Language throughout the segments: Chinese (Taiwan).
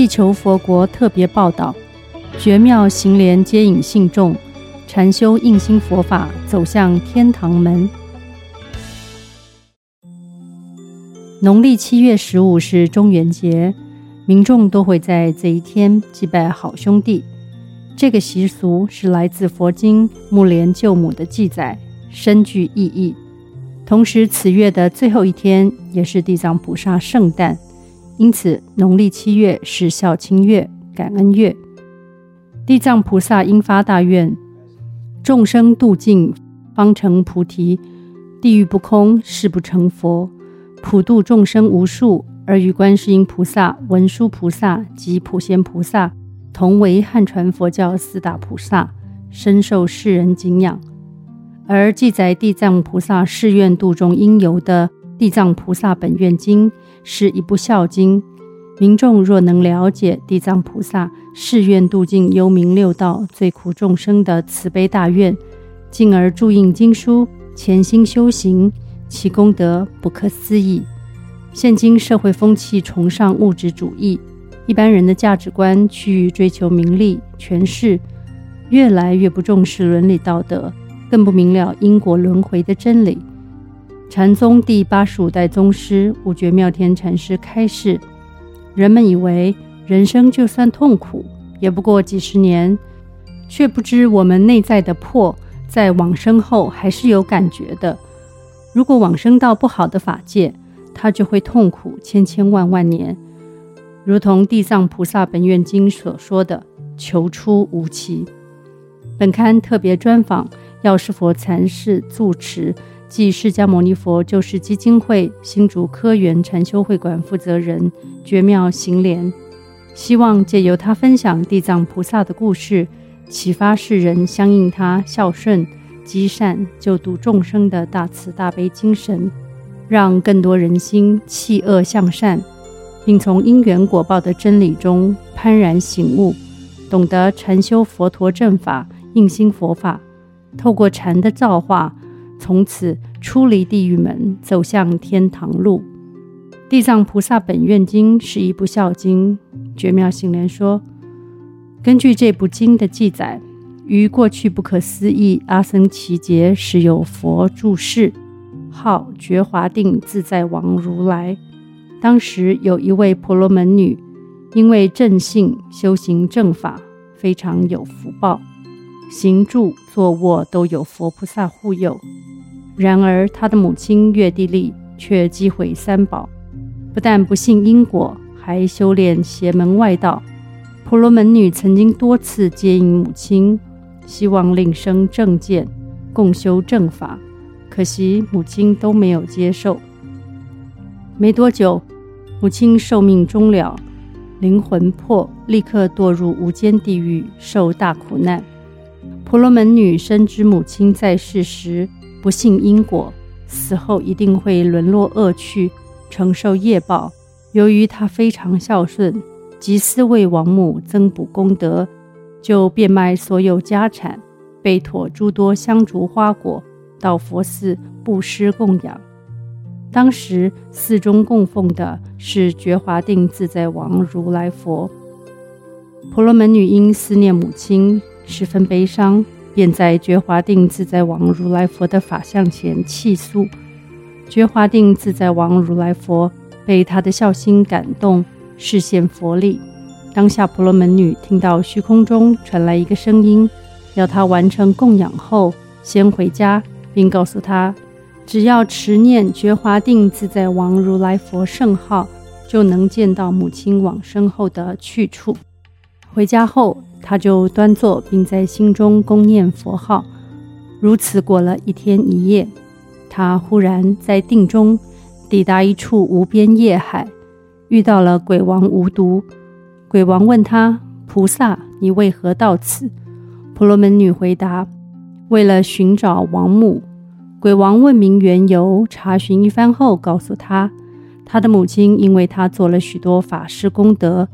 地球佛國特別報道：覺妙行蓮接引信眾，禪修印心佛法走向天堂門。農曆七月十五是中元節，民眾都會在這一天祭拜好兄弟。這個習俗是來自佛經《目連救母》的記載，深具意義。同時，此月的最後一天也是地藏菩薩聖誕。因此，農曆七月是孝親月、感恩月。地藏菩薩因發大願，眾生度盡，方成菩提，地獄不空，誓不成佛，普度眾生無數。而與觀世音菩薩、文殊菩薩及普賢菩薩同為漢傳佛教四大菩薩，深受世人敬仰。而記載地藏菩薩誓願度眾因由的地藏菩薩本願經，是一部孝經，民眾若能了解地藏菩薩誓願度盡幽冥六道罪苦眾生的慈悲大願，進而助印經書，虔心修行，其功德不可思議。現今社會風氣崇尚物質主義，一般人的價值觀趨於追求名利、權勢，越來越不重視倫理道德，更不明了因果輪迴的真理。禪宗第八十五代宗師悟覺妙天禪師開示：人們以為人生就算痛苦，也不過幾十年，卻不知我們內在的魄在往生後還是有感覺的。如果往生到不好的法界，他就會痛苦千千萬萬年。如同《地藏菩薩本願經》所說的“求出無期”。本刊特別專訪藥師佛禪寺住持。暨釋迦牟尼佛救世基金會新竹科園禪修會館負責人覺妙行蓮，希望借由他分享地藏菩薩的故事，啟發世人相應他孝順、積善、救度眾生的大慈大悲精神，讓更多人心棄惡向善，並從因緣果報的真理中幡然醒悟，懂得禪修佛陀正法、印心佛法，透過禪的造化。從此出離地獄門，走向天堂路。《地藏菩薩本願經》是一部孝經，覺妙行蓮說。根據這部經的記載，於過去不可思議阿僧祇劫時，有佛住世，號覺華定自在王如來。當時有一位婆羅門女，因為正信修行正法，非常有福報，行住坐臥都有佛菩薩護佑。然而，他的母親悅帝利卻譏毀三寶，不但不信因果，還修煉邪門外道。婆羅門女曾經多次接引母親，希望令生正見，共修正法。可惜母親都沒有接受。沒多久，母親壽命終了，靈魂魄立刻墮入無間地獄，受大苦難。婆羅門女深知母親在世時，不信因果，死後一定會淪落惡趣，承受業報。由於她非常孝順，極思為亡母增補功德，就變賣所有家產，備妥諸多香燭花果，到佛寺布施供養。當時寺中供奉的是覺華定自在王如來佛。婆羅門女因思念母親，十分悲傷。便在覺華定自在王如來佛的法相前泣訴，覺華定自在王如來佛被他的孝心感動，示現佛力。當下婆羅門女聽到虛空中傳來一個聲音，要她完成供養後先回家，並告訴她，只要持念覺華定自在王如來佛聖號，就能見到母親往生後的去處。回家後，他就端坐，並在心中恭念佛號，如此過了一天一夜。他忽然在定中抵達一處無邊業海，遇到了鬼王無毒。鬼王問他：“菩薩，你為何到此？”婆羅門女回答：“為了尋找亡母。”鬼王問明緣由，查詢一番後，告訴他：“他的母親因為他做了許多法事功德。”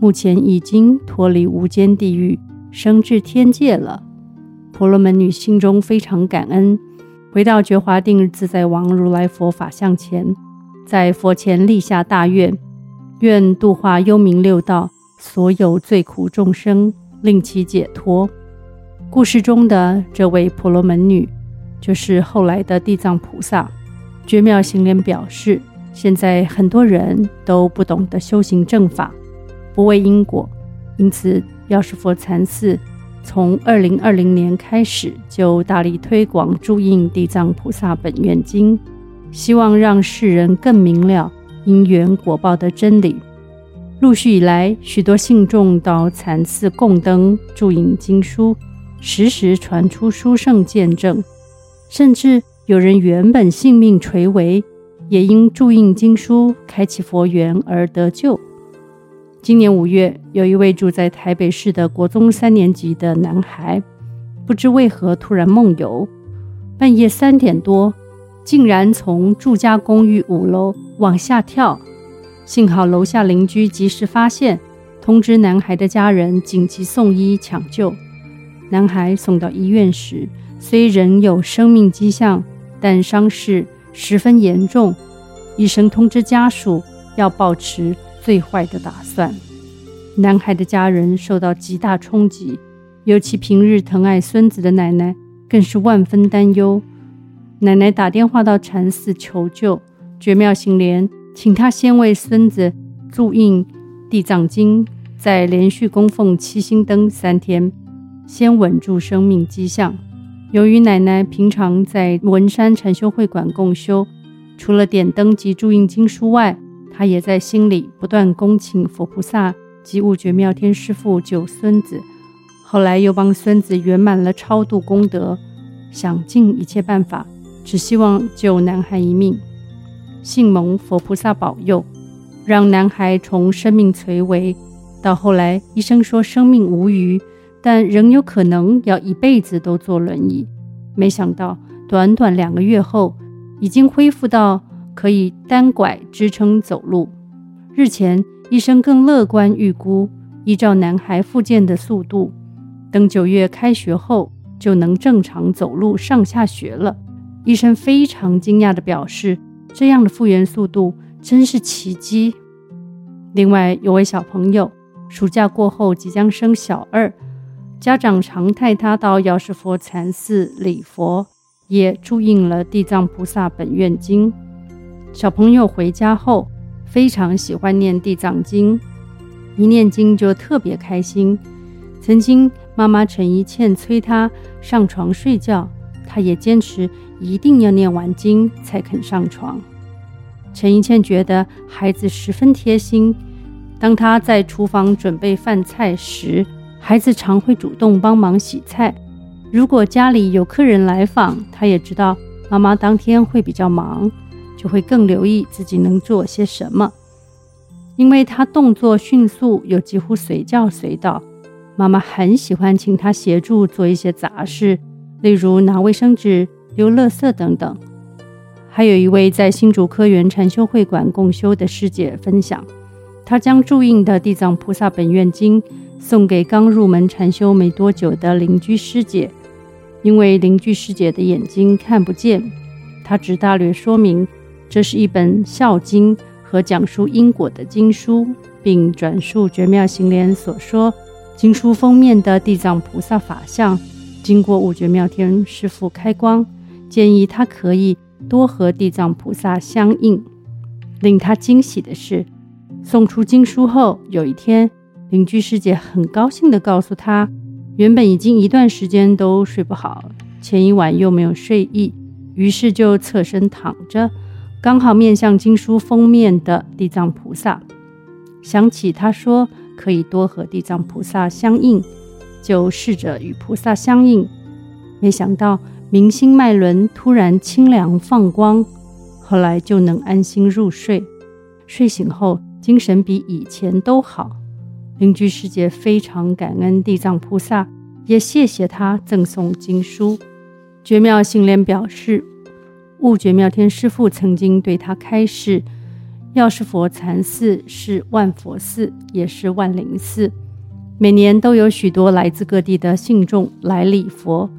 目前已經脫離無間地獄，升至天界了。婆羅門女心中非常感恩，回到覺華定日自在王如來佛法像前，在佛前立下大願：願度化幽冥六道所有罪苦眾生，令其解脫。故事中的這位婆羅門女，就是後來的地藏菩薩。覺妙行蓮表示，現在很多人都不懂得修行正法，不畏因果，因此藥師佛禪寺從二零二零年開始就大力推廣助印《地藏菩薩本願經》，希望讓世人更明了因緣果報的真理。陸續以來，許多信眾到禪寺供燈、助印經書，時時傳出殊勝見證，甚至有人原本性命垂危，也因助印經書開啟佛緣而得救。今年五月，有一位住在台北市的國中三年級的男孩，不知為何突然夢遊，半夜三點多，竟然從住家公寓五樓往下跳。幸好樓下鄰居及時發現，通知男孩的家人緊急送醫搶救。男孩送到醫院時，雖仍有生命跡象，但傷勢十分嚴重。醫生通知家屬要保持最壞的打算，男孩的家人受到極大衝擊，尤其平日疼愛孫子的奶奶更是萬分擔憂。奶奶打電話到禪寺求救，覺妙行蓮請她先為孫子助印《地藏經》，再連續供奉七星燈三天，先穩住生命跡象。由於奶奶平常在文山禪修會館共修，除了點燈及助印經書外，他也在心裡不斷恭請佛菩薩及悟覺妙天師父救孫子，後來又幫孫子圓滿了超度功德，想盡一切辦法，只希望救男孩一命。幸蒙佛菩薩保佑，讓男孩從生命垂危到後來，醫生說生命無虞，但仍有可能要一輩子都坐輪椅。沒想到短短兩個月後，已經恢復到，可以單拐支撐走路。日前，醫生更樂觀預估，依照男孩復健的速度，等九月開學後就能正常走路上下學了。醫生非常驚訝地表示，這樣的復原速度真是奇跡。另外，有位小朋友暑假過後即將升小二，家長常帶他到藥師佛禪寺禮佛，也助印了《地藏菩薩本願經》。小朋友回家後非常喜歡念地藏經，一念經就特別開心。曾經媽媽陳怡倩催他上床睡覺，他也堅持一定要念完經才肯上床。陳怡倩覺得孩子十分貼心。當他在廚房準備飯菜時，孩子常會主動幫忙洗菜。如果家裡有客人來訪，他也知道媽媽當天會比較忙。就會更留意自己能做些什麼，因為他動作迅速又幾乎隨叫隨到。媽媽很喜歡請他協助做一些雜事，例如拿衛生紙、丟垃圾等等。還有一位在新竹科園禪修會館共修的師姐分享，她將助印的《地藏菩薩本願經》送給剛入門禪修沒多久的鄰居師姐，因為鄰居師姐的眼睛看不見，她只大略說明。這是一本《孝經》和講述因果的經書，並轉述覺妙行蓮所說，經書封面的地藏菩薩法相，經過悟覺妙天師父開光，建議他可以多和地藏菩薩相應。令他驚喜的是，送出經書後，有一天鄰居師姐很高興地告訴他，原本已經一段時間都睡不好，前一晚又沒有睡意，於是就側身躺着。剛好面向經書封面的地藏菩薩，想起他說可以多和地藏菩薩相應，就試着與菩薩相應。沒想到明心脈輪突然清涼放光，後來就能安心入睡。睡醒後精神比以前都好。鄰居師姐非常感恩地藏菩薩，也謝謝他贈送經書。覺妙行蓮表示。悟覺妙天師父曾經對他開示：“藥師佛禪寺是萬佛寺，也是萬靈寺。每年都有許多來自各地的信眾來禮佛。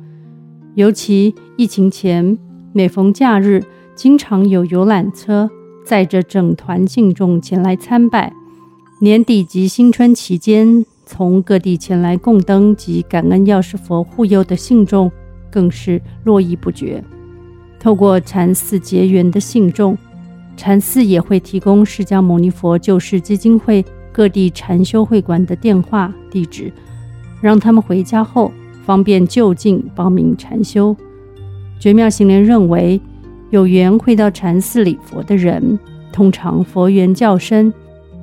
尤其疫情前，每逢假日，經常有遊覽車載着整團信眾前來參拜。年底及新春期間，從各地前來供燈及感恩藥師佛護佑的信眾，更是絡繹不絕。”透過禪寺結緣的信眾，禪寺也會提供釋迦牟尼佛救世基金會各地禪修會館的電話地址，讓他們回家後方便就近報名禪修。覺妙行蓮認為，有緣會到禪寺禮佛的人，通常佛緣較深，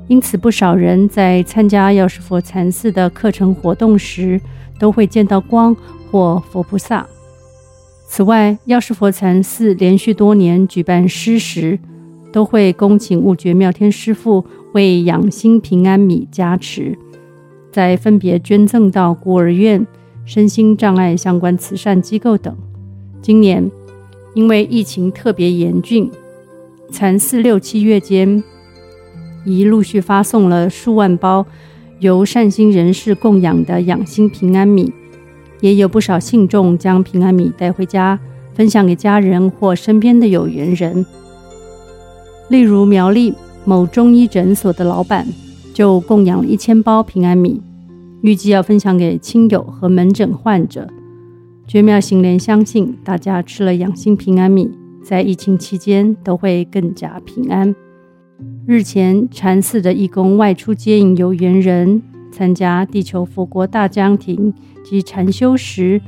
因此不少人在參加藥師佛禪寺的課程活動時，都會見到光或佛菩薩。此外，藥師佛禪寺連續多年舉辦施食，都會恭請悟覺妙天師父為養心平安米加持，再分別捐贈到孤兒院、身心障礙相關慈善機構等。今年因為疫情特別嚴峻，禪寺六七月間已陸續發送了數萬包由善心人士供養的養心平安米。也有不少信眾將平安米帶回家，分享給家人或身邊的有緣人。例如苗栗某中醫診所的老板，就供養了一千包平安米，預計要分享給親友和門診患者。覺妙行蓮相信大家吃了養心平安米，在疫情期間都會更加平安。日前禪寺的義工外出接應有緣人。參加地球佛國大家庭及禪修時，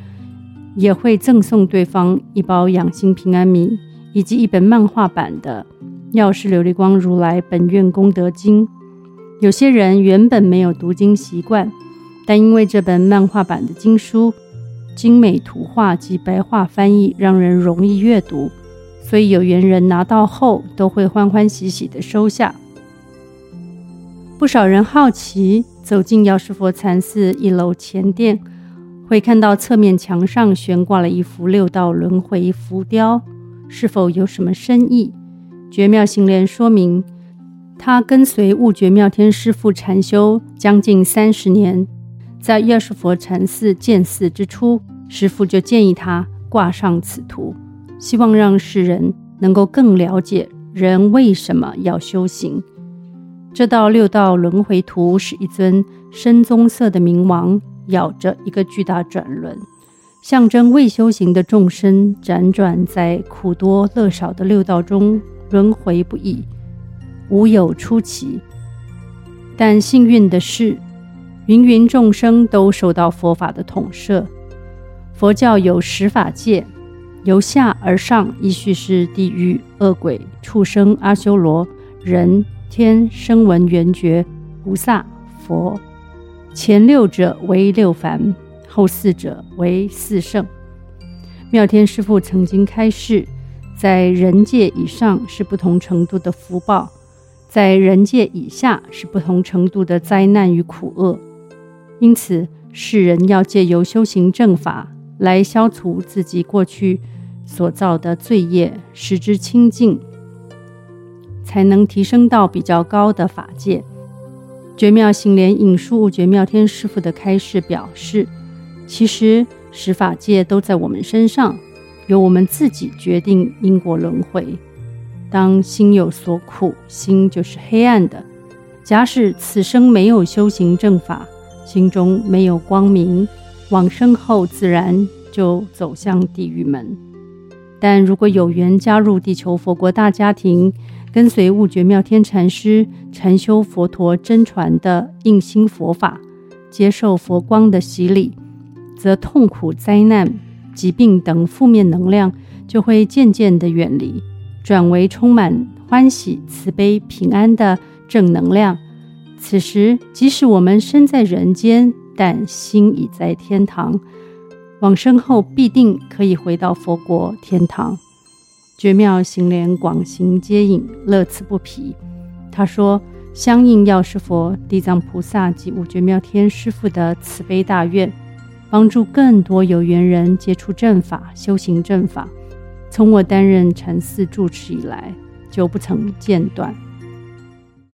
也會贈送對方一包養心平安米以及一本漫畫版的《藥師琉璃光如來本願功德經》。有些人原本沒有讀經習慣，但因為這本漫畫版的經書精美圖畫及白話翻譯讓人容易閱讀，所以有緣人拿到後都會歡歡喜喜的收下。不少人好奇。走進藥師佛禪寺一樓前殿，會看到側面牆上懸掛了一幅六道輪回浮雕，是否有什麼深意？覺妙行蓮說明，他跟隨悟覺妙天師父禪修將近三十年，在藥師佛禪寺建寺之初，師父就建議他掛上此圖，希望讓世人能夠更了解人為什麼要修行。這道六道輪迴圖是一尊深棕色的冥王，咬着一個巨大轉輪，象徵未修行的眾生輾轉在苦多樂少的六道中輪迴不已，無有出期，但幸運的是，芸芸眾生都受到佛法的統攝。佛教有十法界，由下而上依序是地獄、惡鬼、畜生、阿修羅、人。天、聲聞、緣覺、菩薩、佛，前六者為六凡，後四者為四聖。妙天師父曾經開示，在人界以上是不同程度的福報，在人界以下是不同程度的災難與苦厄。因此，世人要借由修行正法來消除自己過去所造的罪業，使之清淨。才能提升到比較高的法界。覺妙行蓮引述悟覺妙天師父的開示表示，其實十法界都在我們身上，由我們自己決定因果輪迴。當心有所苦，心就是黑暗的。假使此生沒有修行正法，心中沒有光明，往生後自然就走向地獄門。但如果有緣加入地球佛國大家庭，跟隨悟覺妙天禪師禪修佛陀真傳的印心佛法，接受佛光的洗禮，則痛苦、災難、疾病等負面能量就會漸漸地遠離，轉為充滿歡喜、慈悲、平安的正能量。此時，即使我們身在人間，但心已在天堂，往生後必定可以回到佛國天堂。覺妙行蓮廣行接引，樂此不疲。她說：“相應藥師佛、地藏菩薩及悟覺妙天師父的慈悲大願，幫助更多有緣人接觸正法、修行正法。從我擔任禪寺住持以來，就不曾間斷。”